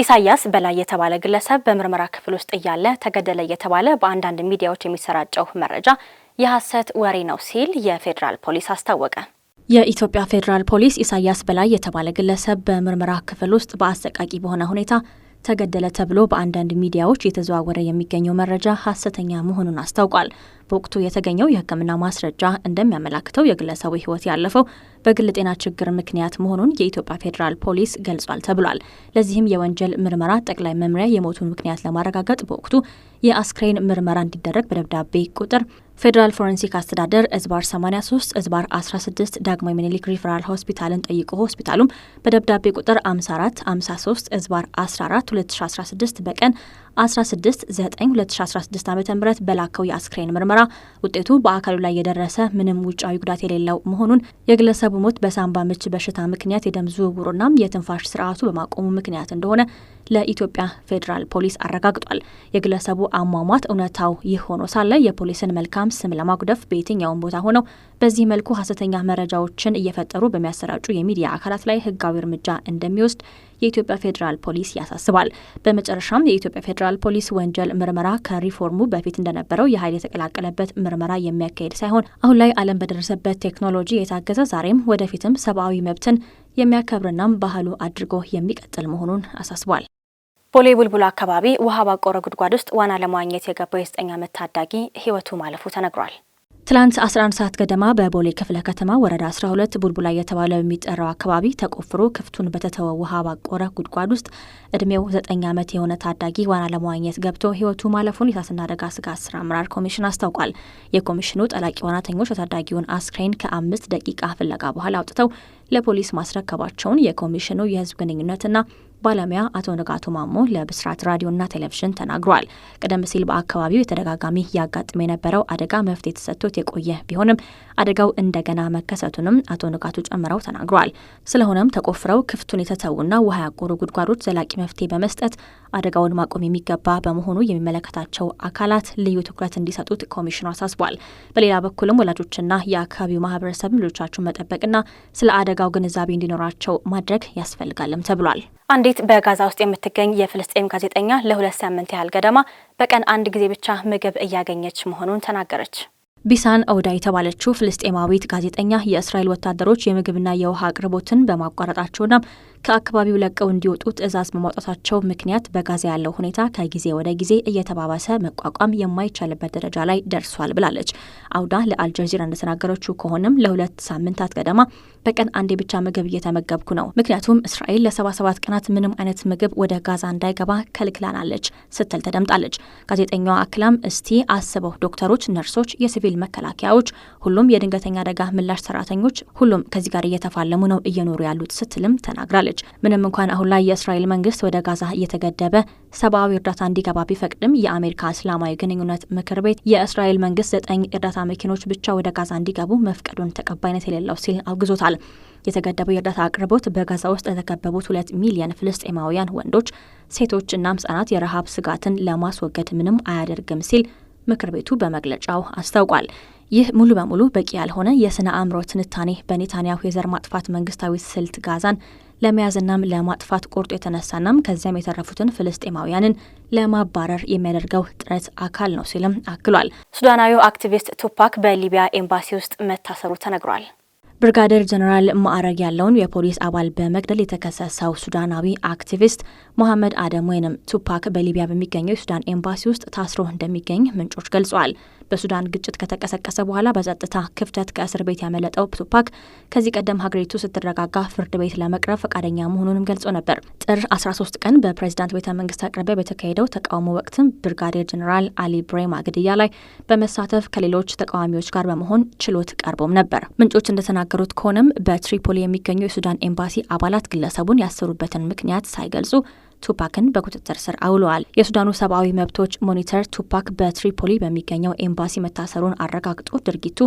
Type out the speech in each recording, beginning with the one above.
ኢሳያስ በላይ የተባለ ግለሰብ በምርመራ ክፍል ውስጥ እያለ ተገደለ እየተባለ በአንዳንድ ሚዲያዎች የሚሰራጨው መረጃ የሐሰት ወሬ ነው ሲል የፌዴራል ፖሊስ አስታወቀ። የኢትዮጵያ ፌዴራል ፖሊስ ኢሳያስ በላይ የተባለ ግለሰብ በምርመራ ክፍል ውስጥ በአሰቃቂ በሆነ ሁኔታ ተገደለ ተብሎ በአንዳንድ ሚዲያዎች የተዘዋወረ የሚገኘው መረጃ ሀሰተኛ መሆኑን አስታውቋል። በወቅቱ የተገኘው የሕክምና ማስረጃ እንደሚያመላክተው የግለሰቡ ሕይወት ያለፈው በግል ጤና ችግር ምክንያት መሆኑን የኢትዮጵያ ፌዴራል ፖሊስ ገልጿል ተብሏል። ለዚህም የወንጀል ምርመራ ጠቅላይ መምሪያ የሞቱን ምክንያት ለማረጋገጥ በወቅቱ የአስክሬን ምርመራ እንዲደረግ በደብዳቤ ቁጥር ፌዴራል ፎረንሲክ አስተዳደር እዝባር 83 እዝባር 16 ዳግማዊ ምኒልክ ሪፈራል ሆስፒታልን ጠይቆ ሆስፒታሉም በደብዳቤ ቁጥር 54 53 እዝባር 14 2016 በቀን 16/9/2016 ዓ.ም በላከው የአስክሬን ምርመራ ውጤቱ በአካሉ ላይ የደረሰ ምንም ውጫዊ ጉዳት የሌለው መሆኑን የግለሰቡ ሞት በሳምባ ምች በሽታ ምክንያት የደም ዝውውሩናም የትንፋሽ ስርዓቱ በማቆሙ ምክንያት እንደሆነ ለኢትዮጵያ ፌዴራል ፖሊስ አረጋግጧል። የግለሰቡ አሟሟት እውነታው ይህ ሆኖ ሳለ የፖሊስን መልካም ስም ለማጉደፍ በየትኛውም ቦታ ሆነው በዚህ መልኩ ሀሰተኛ መረጃዎችን እየፈጠሩ በሚያሰራጩ የሚዲያ አካላት ላይ ህጋዊ እርምጃ እንደሚወስድ የኢትዮጵያ ፌዴራል ፖሊስ ያሳስባል። በመጨረሻም የኢትዮጵያ ፌዴራል ፖሊስ ወንጀል ምርመራ ከሪፎርሙ በፊት እንደነበረው የኃይል የተቀላቀለበት ምርመራ የሚያካሄድ ሳይሆን አሁን ላይ ዓለም በደረሰበት ቴክኖሎጂ የታገዘ ዛሬም ወደፊትም ሰብአዊ መብትን የሚያከብርናም ባህሉ አድርጎ የሚቀጥል መሆኑን አሳስቧል። ቦሌ ቡልቡላ አካባቢ ውሃ ባቆረ ጉድጓድ ውስጥ ዋና ለማግኘት የገባው የዘጠኝ ዓመት ታዳጊ ሕይወቱ ማለፉ ተነግሯል። ትላንት 11 ሰዓት ገደማ በቦሌ ክፍለ ከተማ ወረዳ 12 ቡልቡላ እየተባለ በሚጠራው አካባቢ ተቆፍሮ ክፍቱን በተተወ ውሃ ባቆረ ጉድጓድ ውስጥ እድሜው 9 ዓመት የሆነ ታዳጊ ዋና ለመዋኘት ገብቶ ህይወቱ ማለፉን የእሳትና አደጋ ስጋት ስራ አመራር ኮሚሽን አስታውቋል። የኮሚሽኑ ጠላቂ ዋናተኞች የታዳጊውን አስክሬን ከአምስት ደቂቃ ፍለጋ በኋላ አውጥተው ለፖሊስ ማስረከባቸውን የኮሚሽኑ የህዝብ ግንኙነትና ባለሙያ አቶ ንጋቱ ማሞ ለብስራት ራዲዮና ቴሌቪዥን ተናግሯል። ቀደም ሲል በአካባቢው የተደጋጋሚ ያጋጥም የነበረው አደጋ መፍትሄ ተሰጥቶት የቆየ ቢሆንም አደጋው እንደገና መከሰቱንም አቶ ንጋቱ ጨምረው ተናግሯል። ስለሆነም ተቆፍረው ክፍቱን የተተዉና ውሃ ያቆሩ ጉድጓዶች ዘላቂ መፍትሄ በመስጠት አደጋውን ማቆም የሚገባ በመሆኑ የሚመለከታቸው አካላት ልዩ ትኩረት እንዲሰጡት ኮሚሽኑ አሳስቧል። በሌላ በኩልም ወላጆችና የአካባቢው ማህበረሰብ ልጆቻቸውን መጠበቅና ስለ አደጋ ስለአደጋው ግንዛቤ እንዲኖራቸው ማድረግ ያስፈልጋልም ተብሏል። አንዲት በጋዛ ውስጥ የምትገኝ የፍልስጤም ጋዜጠኛ ለሁለት ሳምንት ያህል ገደማ በቀን አንድ ጊዜ ብቻ ምግብ እያገኘች መሆኑን ተናገረች። ቢሳን አውዳ የተባለችው ፍልስጤማዊት ጋዜጠኛ የእስራኤል ወታደሮች የምግብና የውሃ አቅርቦትን በማቋረጣቸውና ከአካባቢው ለቀው እንዲወጡ ትዕዛዝ በማውጣታቸው ምክንያት በጋዛ ያለው ሁኔታ ከጊዜ ወደ ጊዜ እየተባባሰ መቋቋም የማይቻልበት ደረጃ ላይ ደርሷል ብላለች። አውዳ ለአልጀዚራ እንደተናገረችው ከሆነም ለሁለት ሳምንታት ገደማ በቀን አንዴ ብቻ ምግብ እየተመገብኩ ነው፣ ምክንያቱም እስራኤል ለሰባ ሰባት ቀናት ምንም አይነት ምግብ ወደ ጋዛ እንዳይገባ ከልክላናለች ስትል ተደምጣለች። ጋዜጠኛዋ አክላም እስቲ አስበው ዶክተሮች፣ ነርሶች፣ የሲቪል ሲቪል መከላከያዎች፣ ሁሉም የድንገተኛ አደጋ ምላሽ ሰራተኞች፣ ሁሉም ከዚህ ጋር እየተፋለሙ ነው እየኖሩ ያሉት ስትልም ተናግራለች። ምንም እንኳን አሁን ላይ የእስራኤል መንግስት ወደ ጋዛ እየተገደበ ሰብአዊ እርዳታ እንዲገባ ቢፈቅድም የአሜሪካ እስላማዊ ግንኙነት ምክር ቤት የእስራኤል መንግስት ዘጠኝ እርዳታ መኪኖች ብቻ ወደ ጋዛ እንዲገቡ መፍቀዱን ተቀባይነት የሌለው ሲል አውግዞታል። የተገደበው የእርዳታ አቅርቦት በጋዛ ውስጥ የተከበቡት ሁለት ሚሊየን ፍልስጤማውያን ወንዶች፣ ሴቶችና ህጻናት የረሃብ ስጋትን ለማስወገድ ምንም አያደርግም ሲል ምክር ቤቱ በመግለጫው አስታውቋል። ይህ ሙሉ በሙሉ በቂ ያልሆነ የስነ አእምሮ ትንታኔ በኔታንያሁ የዘር ማጥፋት መንግስታዊ ስልት ጋዛን ለመያዝናም ለማጥፋት ቆርጦ የተነሳናም ከዚያም የተረፉትን ፍልስጤማውያንን ለማባረር የሚያደርገው ጥረት አካል ነው ሲልም አክሏል። ሱዳናዊው አክቲቪስት ቱፓክ በሊቢያ ኤምባሲ ውስጥ መታሰሩ ተነግሯል። ብርጋዴር ጀነራል ማዕረግ ያለውን የፖሊስ አባል በመግደል የተከሰሰው ሱዳናዊ አክቲቪስት ሞሐመድ አደም ወይንም ቱፓክ በሊቢያ በሚገኘው የሱዳን ኤምባሲ ውስጥ ታስሮ እንደሚገኝ ምንጮች ገልጸዋል። በሱዳን ግጭት ከተቀሰቀሰ በኋላ በጸጥታ ክፍተት ከእስር ቤት ያመለጠው ቱፓክ ከዚህ ቀደም ሀገሪቱ ስትረጋጋ ፍርድ ቤት ለመቅረብ ፈቃደኛ መሆኑንም ገልጾ ነበር። ጥር 13 ቀን በፕሬዚዳንት ቤተ መንግስት አቅርቢያ በተካሄደው ተቃውሞ ወቅትም ብርጋዴር ጀኔራል አሊ ብሬማ ግድያ ላይ በመሳተፍ ከሌሎች ተቃዋሚዎች ጋር በመሆን ችሎት ቀርቦም ነበር። ምንጮች እንደተናገ የተናገሩት ከሆነም በትሪፖሊ የሚገኘው የሱዳን ኤምባሲ አባላት ግለሰቡን ያሰሩበትን ምክንያት ሳይገልጹ ቱፓክን በቁጥጥር ስር አውለዋል። የሱዳኑ ሰብአዊ መብቶች ሞኒተር ቱፓክ በትሪፖሊ በሚገኘው ኤምባሲ መታሰሩን አረጋግጦ ድርጊቱ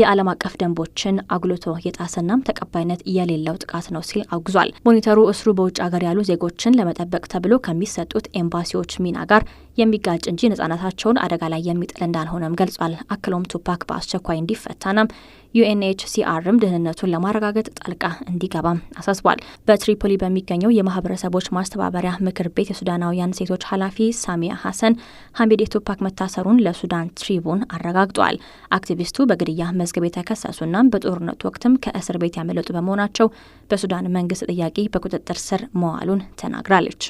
የዓለም አቀፍ ደንቦችን አጉልቶ የጣሰናም ተቀባይነት የሌለው ጥቃት ነው ሲል አውግዟል። ሞኒተሩ እስሩ በውጭ ሀገር ያሉ ዜጎችን ለመጠበቅ ተብሎ ከሚሰጡት ኤምባሲዎች ሚና ጋር የሚጋጭ እንጂ ነጻነታቸውን አደጋ ላይ የሚጥል እንዳልሆነም ገልጿል። አክሎም ቱፓክ በአስቸኳይ እንዲፈታናም ዩኤንኤችሲአርም ደህንነቱን ለማረጋገጥ ጣልቃ እንዲገባም አሳስቧል። በትሪፖሊ በሚገኘው የማህበረሰቦች ማስተባበሪያ ምክር ቤት የሱዳናውያን ሴቶች ኃላፊ ሳሚያ ሐሰን ሐሚድ የቱፓክ መታሰሩን ለሱዳን ትሪቡን አረጋግጧል። አክቲቪስቱ በግድያ መዝገብ የተከሰሱና በጦርነቱ ወቅትም ከእስር ቤት ያመለጡ በመሆናቸው በሱዳን መንግስት ጥያቄ በቁጥጥር ስር መዋሉን ተናግራለች።